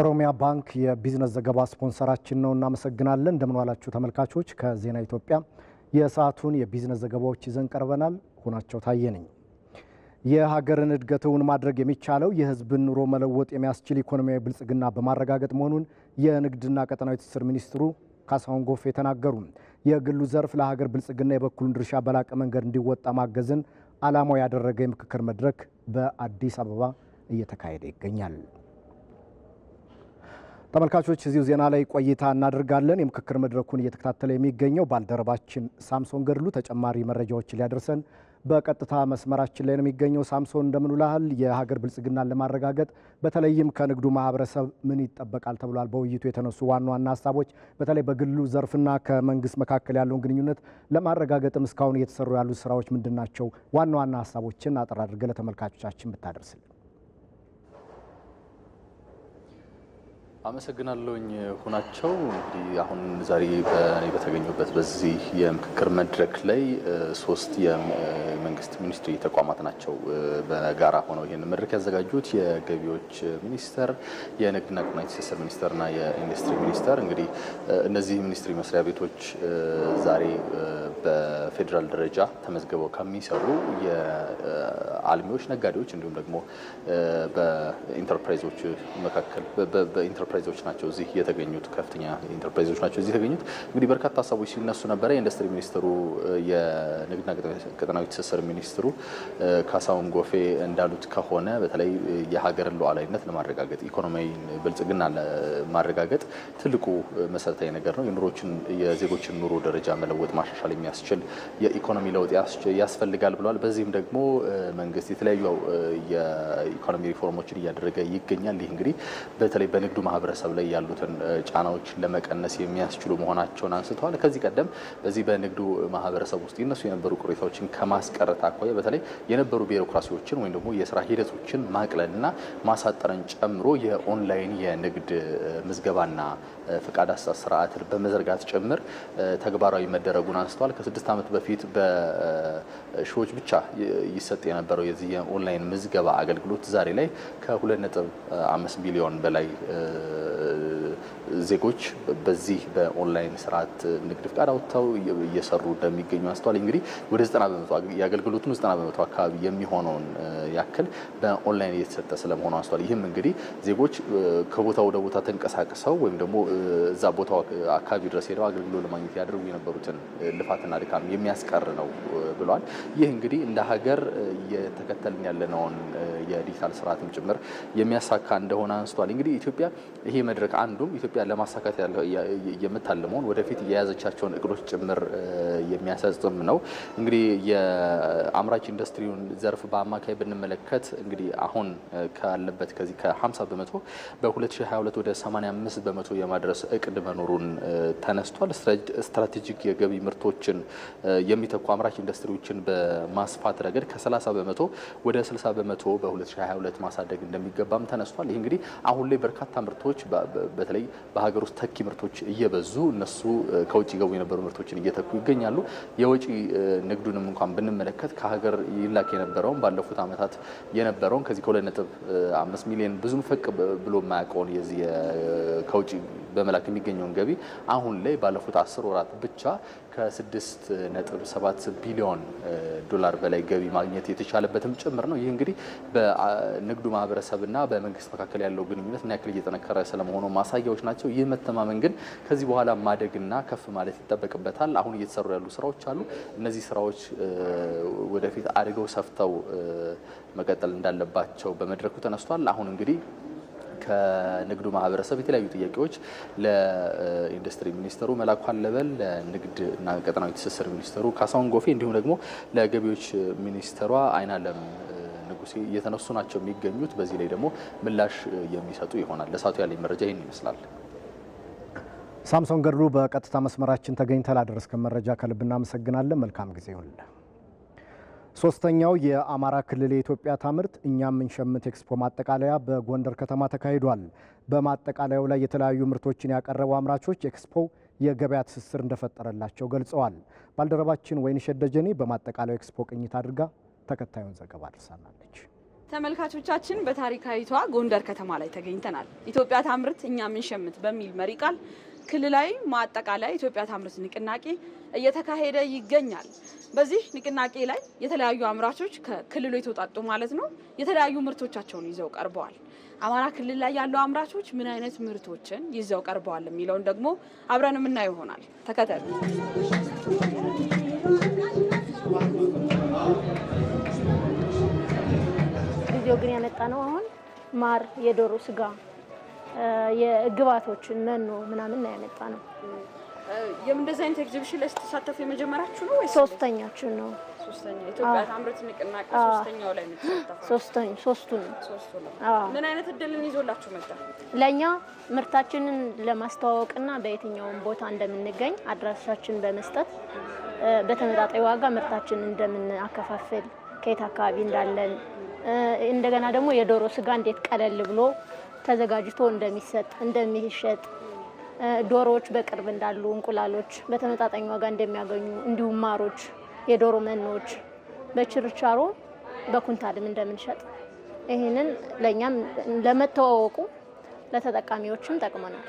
ኦሮሚያ ባንክ የቢዝነስ ዘገባ ስፖንሰራችን ነው። እናመሰግናለን። እንደምንዋላችሁ ተመልካቾች። ከዜና ኢትዮጵያ የሰዓቱን የቢዝነስ ዘገባዎች ይዘን ቀርበናል። ሆናቸው ታየ ነኝ። የሀገርን እድገት እውን ማድረግ የሚቻለው የህዝብን ኑሮ መለወጥ የሚያስችል ኢኮኖሚያዊ ብልጽግና በማረጋገጥ መሆኑን የንግድና ቀጠናዊ ትስስር ሚኒስትሩ ካሳሁን ጎፌ ተናገሩ። የግሉ ዘርፍ ለሀገር ብልጽግና የበኩሉን ድርሻ በላቀ መንገድ እንዲወጣ ማገዝን ዓላማው ያደረገ የምክክር መድረክ በአዲስ አበባ እየተካሄደ ይገኛል። ተመልካቾች እዚሁ ዜና ላይ ቆይታ እናደርጋለን። የምክክር መድረኩን እየተከታተለ የሚገኘው ባልደረባችን ሳምሶን ገድሉ ተጨማሪ መረጃዎችን ሊያደርሰን በቀጥታ መስመራችን ላይ ነው የሚገኘው። ሳምሶን እንደምን የሀገር ብልጽግናን ለማረጋገጥ በተለይም ከንግዱ ማህበረሰብ ምን ይጠበቃል ተብሏል? በውይይቱ የተነሱ ዋና ዋና ሀሳቦች በተለይ በግሉ ዘርፍና ከመንግስት መካከል ያለውን ግንኙነት ለማረጋገጥም እስካሁን እየተሰሩ ያሉ ስራዎች ምንድን ናቸው? ዋና ዋና ሀሳቦችን አጠር አድርገ ለተመልካቾቻችን ብታደርስልን። አመሰግናለሁኝ ሁናቸው እንግዲህ አሁን ዛሬ በእኔ በተገኙበት በዚህ የምክክር መድረክ ላይ ሶስት የመንግስት ሚኒስትሪ ተቋማት ናቸው በጋራ ሆነው ይህን መድረክ ያዘጋጁት የገቢዎች ሚኒስቴር፣ የንግድና ቀጣናዊ ትስስር ሚኒስቴርና የኢንዱስትሪ ሚኒስቴር። እንግዲህ እነዚህ ሚኒስትሪ መስሪያ ቤቶች ዛሬ በፌዴራል ደረጃ ተመዝግበው ከሚሰሩ የአልሚዎች፣ ነጋዴዎች እንዲሁም ደግሞ በኢንተርፕራይዞች መካከል ኢንተርፕራይዞች ናቸው እዚህ የተገኙት፣ ከፍተኛ ኢንተርፕራይዞች ናቸው እዚህ የተገኙት። እንግዲህ በርካታ ሀሳቦች ሲነሱ ነበረ። የኢንዱስትሪ ሚኒስትሩ፣ የንግድና ቀጠናዊ ትስስር ሚኒስትሩ ካሳሁን ጎፌ እንዳሉት ከሆነ በተለይ የሀገርን ሉዓላዊነት ለማረጋገጥ ኢኮኖሚያዊ ብልጽግና ለማረጋገጥ ትልቁ መሰረታዊ ነገር ነው። የኑሮችን የዜጎችን ኑሮ ደረጃ መለወጥ ማሻሻል የሚያስችል የኢኮኖሚ ለውጥ ያስፈልጋል ብለዋል። በዚህም ደግሞ መንግስት የተለያዩ የኢኮኖሚ ሪፎርሞችን እያደረገ ይገኛል። ይህ እንግዲህ በተለይ በንግዱ ማህበረሰብ ላይ ያሉትን ጫናዎች ለመቀነስ የሚያስችሉ መሆናቸውን አንስተዋል። ከዚህ ቀደም በዚህ በንግዱ ማህበረሰብ ውስጥ ይነሱ የነበሩ ቅሬታዎችን ከማስቀረት አኳያ በተለይ የነበሩ ቢሮክራሲዎችን ወይም ደግሞ የስራ ሂደቶችን ማቅለልና ማሳጠርን ጨምሮ የኦንላይን የንግድ ምዝገባና ፍቃድ አሰጣጥ ስርዓትን በመዘርጋት ጭምር ተግባራዊ መደረጉን አንስተዋል። ከስድስት ዓመት በፊት በሺዎች ብቻ ይሰጥ የነበረው የዚህ የኦንላይን ምዝገባ አገልግሎት ዛሬ ላይ ከ2.5 ቢሊዮን በላይ ዜጎች በዚህ በኦንላይን ስርዓት ንግድ ፍቃድ አውጥተው እየሰሩ እንደሚገኙ አስተዋል። እንግዲህ ወደ ዘጠና በመቶ የአገልግሎቱን ዘጠና በመቶ አካባቢ የሚሆነውን ያክል በኦንላይን እየተሰጠ ስለመሆኑ አስተዋል። ይህም እንግዲህ ዜጎች ከቦታ ወደ ቦታ ተንቀሳቅሰው ወይም ደግሞ እዛ ቦታ አካባቢ ድረስ ሄደው አገልግሎት ለማግኘት ያደርጉ የነበሩትን ልፋትና ድካም የሚያስቀር ነው ብለዋል። ይህ እንግዲህ እንደ ሀገር እየተከተልን ያለነውን የዲጂታል ስርዓትም ጭምር የሚያሳካ እንደሆነ አንስተዋል። እንግዲህ ኢትዮጵያ ይሄ መድረክ አንዱም ኢትዮጵያ ኢትዮጵያ ለማሳካት የምታልመውን ወደፊት የያዘቻቸውን እቅዶች ጭምር የሚያሳጽም ነው። እንግዲህ የአምራች ኢንዱስትሪውን ዘርፍ በአማካይ ብንመለከት እንግዲህ አሁን ካለበት ከዚህ ከ50 በመቶ በ2022 ወደ 85 በመቶ የማድረስ እቅድ መኖሩን ተነስቷል። ስትራቴጂክ የገቢ ምርቶችን የሚተኩ አምራች ኢንዱስትሪዎችን በማስፋት ረገድ ከ30 በመቶ ወደ 60 በመቶ በ2022 ማሳደግ እንደሚገባም ተነስቷል። ይህ እንግዲህ አሁን ላይ በርካታ ምርቶች በተለይ በሀገር ውስጥ ተኪ ምርቶች እየበዙ እነሱ ከውጭ ገቡ የነበሩ ምርቶችን እየተኩ ይገኛሉ። የውጭ ንግዱንም እንኳን ብንመለከት ከሀገር ይላክ የነበረውን ባለፉት ዓመታት የነበረውን ከዚህ ከሁለት ነጥብ አምስት ሚሊዮን ብዙም ፈቅ ብሎ የማያውቀውን የዚህ ከውጭ በመላክ የሚገኘውን ገቢ አሁን ላይ ባለፉት አስር ወራት ብቻ ከ6.7 ቢሊዮን ዶላር በላይ ገቢ ማግኘት የተቻለበትም ጭምር ነው። ይህ እንግዲህ በንግዱ ማህበረሰብና በመንግስት መካከል ያለው ግንኙነት ምን ያክል እየጠነከረ ስለመሆኑ ማሳያዎች ናቸው። ይህ መተማመን ግን ከዚህ በኋላ ማደግና ከፍ ማለት ይጠበቅበታል። አሁን እየተሰሩ ያሉ ስራዎች አሉ። እነዚህ ስራዎች ወደፊት አድገው ሰፍተው መቀጠል እንዳለባቸው በመድረኩ ተነስቷል። አሁን እንግዲህ ከንግዱ ማህበረሰብ የተለያዩ ጥያቄዎች ለኢንዱስትሪ ሚኒስተሩ መላኩ አለበል፣ ለንግድ እና ቀጠናዊ ትስስር ሚኒስተሩ ካሳሁን ጎፌ እንዲሁም ደግሞ ለገቢዎች ሚኒስተሯ አይናለም ንጉሴ እየተነሱ ናቸው የሚገኙት። በዚህ ላይ ደግሞ ምላሽ የሚሰጡ ይሆናል። ለሳቱ ያለኝ መረጃ ይህን ይመስላል። ሳምሶን ገድሉ በቀጥታ መስመራችን ተገኝተህ ላደረስከን መረጃ ከልብ እናመሰግናለን። መልካም ጊዜ ይሁንልን። ሶስተኛው የአማራ ክልል የኢትዮጵያ ታምርት እኛ ምንሸምት ኤክስፖ ማጠቃለያ በጎንደር ከተማ ተካሂዷል። በማጠቃለያው ላይ የተለያዩ ምርቶችን ያቀረቡ አምራቾች ኤክስፖ የገበያ ትስስር እንደፈጠረላቸው ገልጸዋል። ባልደረባችን ወይንሸት ደጀኔ በማጠቃለያው ኤክስፖ ቅኝት አድርጋ ተከታዩን ዘገባ አድርሳናለች። ተመልካቾቻችን በታሪካዊቷ ጎንደር ከተማ ላይ ተገኝተናል። ኢትዮጵያ ታምርት እኛ ምንሸምት በሚል መሪ ቃል ክልላዊ ማጠቃለያ ኢትዮጵያ ታምርት ንቅናቄ እየተካሄደ ይገኛል። በዚህ ንቅናቄ ላይ የተለያዩ አምራቾች ከክልሉ የተውጣጡ ማለት ነው የተለያዩ ምርቶቻቸውን ይዘው ቀርበዋል። አማራ ክልል ላይ ያሉ አምራቾች ምን አይነት ምርቶችን ይዘው ቀርበዋል የሚለውን ደግሞ አብረን የምናየው ይሆናል። ተከተሉ። ጊዜው ግን ያመጣ ነው። አሁን ማር፣ የዶሮ ስጋ የግባቶችን መኖ ምናምን ነው ያመጣ ነው። የምንደዚህ አይነት ኤግዚቢሽን ላይ ስትሳተፉ የመጀመሪያችሁ ነው ወይስ ሶስተኛችሁ ነው? ኢትዮጵያ ሶስቱ ነው። ምን አይነት እድልን ይዞላችሁ መጣ? ለእኛ ምርታችንን ለማስተዋወቅና በየትኛውም ቦታ እንደምንገኝ አድራሻችን በመስጠት በተመጣጣኝ ዋጋ ምርታችንን እንደምናከፋፍል ከየት አካባቢ እንዳለን እንደገና ደግሞ የዶሮ ስጋ እንዴት ቀለል ብሎ ተዘጋጅቶ እንደሚሰጥ እንደሚሸጥ ዶሮዎች በቅርብ እንዳሉ እንቁላሎች በተመጣጣኝ ዋጋ እንደሚያገኙ እንዲሁም ማሮች፣ የዶሮ መኖዎች በችርቻሮ በኩንታልም እንደምንሸጥ ይህንን ለእኛም ለመተዋወቁ ለተጠቃሚዎችም ጠቅመናል።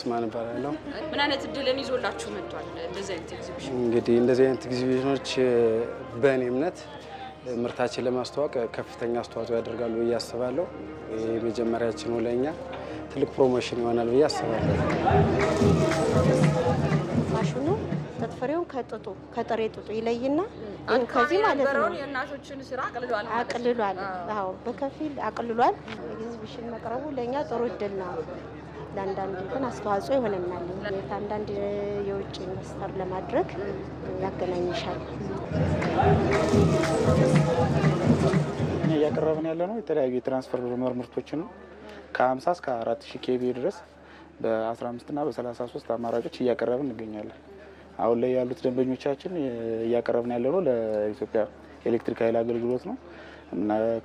ስማ ነበር ያለው ምን አይነት እድልን ይዞላችሁ መጥቷል? እንደዚህ አይነት ኤግዚቢሽን እንግዲህ እንደዚህ አይነት ኤግዚቢሽኖች በእኔ እምነት ምርታችን ለማስተዋወቅ ከፍተኛ አስተዋጽኦ ያደርጋሉ ብዬ አስባለሁ። የመጀመሪያችን ለእኛ ትልቅ ፕሮሞሽን ይሆናል ብዬ አስባለሁ። ማሽኑ ጥጥ ፍሬውን ከጥጡ ከጥሬ ጥጡ ይለይና ከዚህ ማለት ነው የእናቶችን ስራ አቅልሏል አቅልሏል። አዎ በከፊል አቅልሏል። ኤግዚቢሽን መቅረቡ ለእኛ ጥሩ እድል ነው። ለአንዳንዱ ግን አስተዋጽኦ ይሆነናል። አንዳንድ የውጭ ኢንቨስተር ለማድረግ ያገናኝሻል። እያቀረብን ያለ ነው የተለያዩ የትራንስፈር የትራንስፎርመር ምርቶች ነው ከ50 እስከ 4000 ኬቪ ድረስ በ15 እና በ33 አማራጮች እያቀረብን እንገኛለን። አሁን ላይ ያሉት ደንበኞቻችን እያቀረብን ያለ ነው ለኢትዮጵያ ኤሌክትሪክ ኃይል አገልግሎት ነው።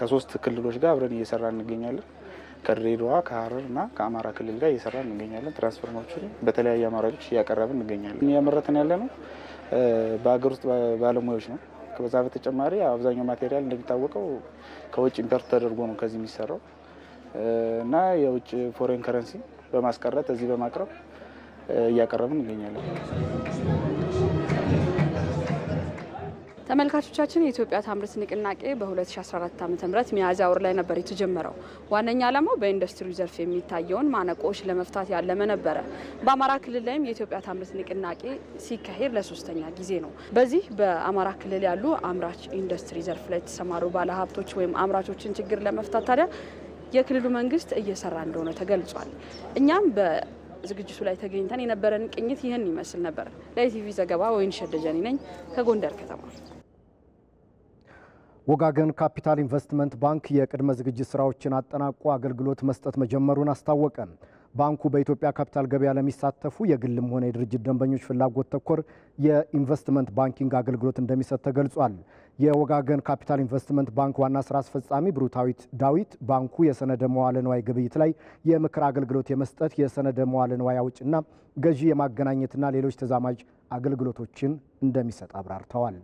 ከሶስት ክልሎች ጋር አብረን እየሰራ እንገኛለን። ከድሬዳዋ ከሀረር እና ከአማራ ክልል ጋር እየሰራ እንገኛለን። ትራንስፎርመሮችን በተለያዩ አማራጮች እያቀረብን እንገኛለን። እያመረትን ያለ ነው በሀገር ውስጥ ባለሙያዎች ነው። ከዛ በተጨማሪ አብዛኛው ማቴሪያል እንደሚታወቀው ከውጭ ኢምፖርት ተደርጎ ነው ከዚህ የሚሰራው እና የውጭ ፎሬን ከረንሲ በማስቀረት እዚህ በማቅረብ እያቀረብን እንገኛለን። ተመልካቾቻችን የኢትዮጵያ ታምርት ንቅናቄ በ2014 ዓ ም ሚያዝያ ወር ላይ ነበር የተጀመረው። ዋነኛ ዓላማው በኢንዱስትሪ ዘርፍ የሚታየውን ማነቆዎች ለመፍታት ያለመ ነበረ። በአማራ ክልል ላይም የኢትዮጵያ ታምርት ንቅናቄ ሲካሄድ ለሶስተኛ ጊዜ ነው። በዚህ በአማራ ክልል ያሉ አምራች ኢንዱስትሪ ዘርፍ ላይ የተሰማሩ ባለሀብቶች ወይም አምራቾችን ችግር ለመፍታት ታዲያ የክልሉ መንግስት እየሰራ እንደሆነ ተገልጿል። እኛም ዝግጅቱ ላይ ተገኝተን የነበረን ቅኝት ይህን ይመስል ነበር። ለኢቲቪ ዘገባ ወይን ደጀኔ ነኝ ከጎንደር ከተማ። ወጋገን ካፒታል ኢንቨስትመንት ባንክ የቅድመ ዝግጅት ስራዎችን አጠናቆ አገልግሎት መስጠት መጀመሩን አስታወቀ። ባንኩ በኢትዮጵያ ካፒታል ገበያ ለሚሳተፉ የግልም ሆነ የድርጅት ደንበኞች ፍላጎት ተኮር የኢንቨስትመንት ባንኪንግ አገልግሎት እንደሚሰጥ ተገልጿል። የወጋገን ካፒታል ኢንቨስትመንት ባንክ ዋና ስራ አስፈጻሚ ብሩታዊት ዳዊት ባንኩ የሰነደ መዋለ ንዋይ ግብይት ላይ የምክር አገልግሎት የመስጠት የሰነደ መዋለ ንዋይ አውጭና ገዢ የማገናኘትና ሌሎች ተዛማጅ አገልግሎቶችን እንደሚሰጥ አብራርተዋል።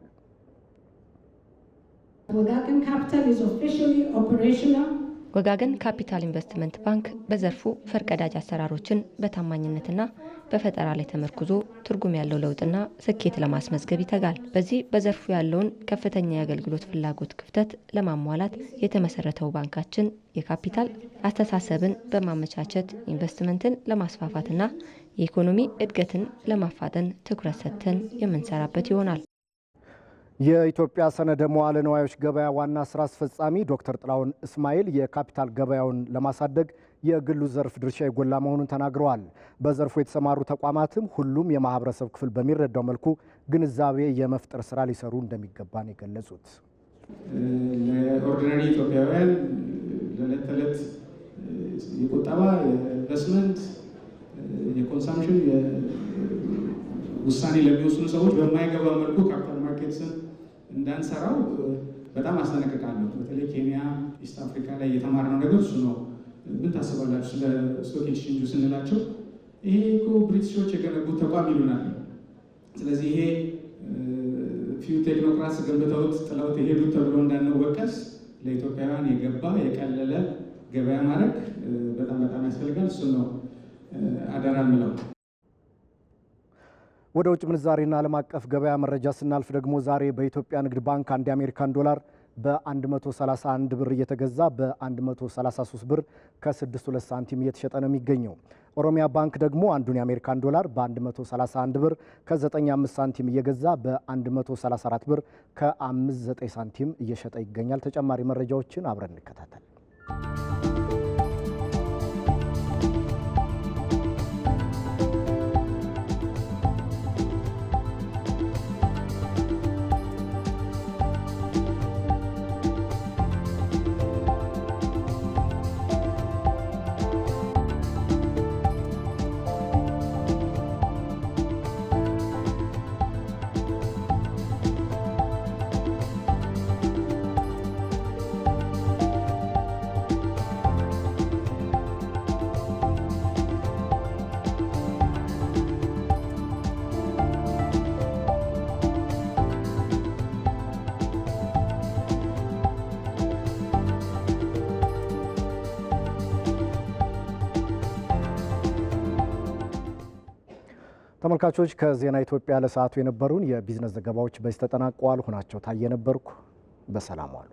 ወጋገን ካፒታል ኢንቨስትመንት ባንክ በዘርፉ ፈርቀዳጅ አሰራሮችን በታማኝነትና በፈጠራ ላይ ተመርኩዞ ትርጉም ያለው ለውጥና ስኬት ለማስመዝገብ ይተጋል። በዚህ በዘርፉ ያለውን ከፍተኛ የአገልግሎት ፍላጎት ክፍተት ለማሟላት የተመሰረተው ባንካችን የካፒታል አስተሳሰብን በማመቻቸት ኢንቨስትመንትን ለማስፋፋትና የኢኮኖሚ እድገትን ለማፋጠን ትኩረት ሰጥተን የምንሰራበት ይሆናል። የኢትዮጵያ ሰነደ መዋለ ነዋዮች ገበያ ዋና ስራ አስፈጻሚ ዶክተር ጥላሁን እስማኤል የካፒታል ገበያውን ለማሳደግ የግሉ ዘርፍ ድርሻ የጎላ መሆኑን ተናግረዋል። በዘርፉ የተሰማሩ ተቋማትም ሁሉም የማህበረሰብ ክፍል በሚረዳው መልኩ ግንዛቤ የመፍጠር ስራ ሊሰሩ እንደሚገባን የገለጹት ለኦርዲናሪ ኢትዮጵያውያን ለዕለት ተዕለት የቁጠባ የኢንቨስትመንት፣ የኮንሳምሽን ውሳኔ ለሚወስኑ ሰዎች በማይገባ መልኩ ካፒታል ማርኬትስን እንዳንሰራው በጣም አስጠነቅቃለሁ። በተለይ ኬንያ፣ ኢስት አፍሪካ ላይ የተማርነው ነገር እሱ ነው። ምን ታስባላችሁ ስለ ስቶክ ኤክስቼንጁ ስንላቸው ይሄ እኮ ብሪቲሾች የገነቡት ተቋም ይሉናል። ስለዚህ ይሄ ፊው ቴክኖክራትስ ገንብተውት ጥለውት የሄዱት ተብሎ እንዳንወቀስ ለኢትዮጵያውያን የገባ የቀለለ ገበያ ማድረግ በጣም በጣም ያስፈልጋል። እሱ ነው አደራ ምለው። ወደ ውጭ ምንዛሬና ዓለም አቀፍ ገበያ መረጃ ስናልፍ ደግሞ ዛሬ በኢትዮጵያ ንግድ ባንክ አንድ የአሜሪካን ዶላር በ131 ብር እየተገዛ በ133 ብር ከ62 ሳንቲም እየተሸጠ ነው የሚገኘው። ኦሮሚያ ባንክ ደግሞ አንዱን የአሜሪካን ዶላር በ131 ብር ከ95 ሳንቲም እየገዛ በ134 ብር ከ59 ሳንቲም እየሸጠ ይገኛል። ተጨማሪ መረጃዎችን አብረን እንከታተል። ተመልካቾች ከዜና ኢትዮጵያ ለሰዓቱ የነበሩን የቢዝነስ ዘገባዎች በዚህ ተጠናቀዋል። ሆናቸው ታየ ነበርኩ። በሰላም ዋሉ።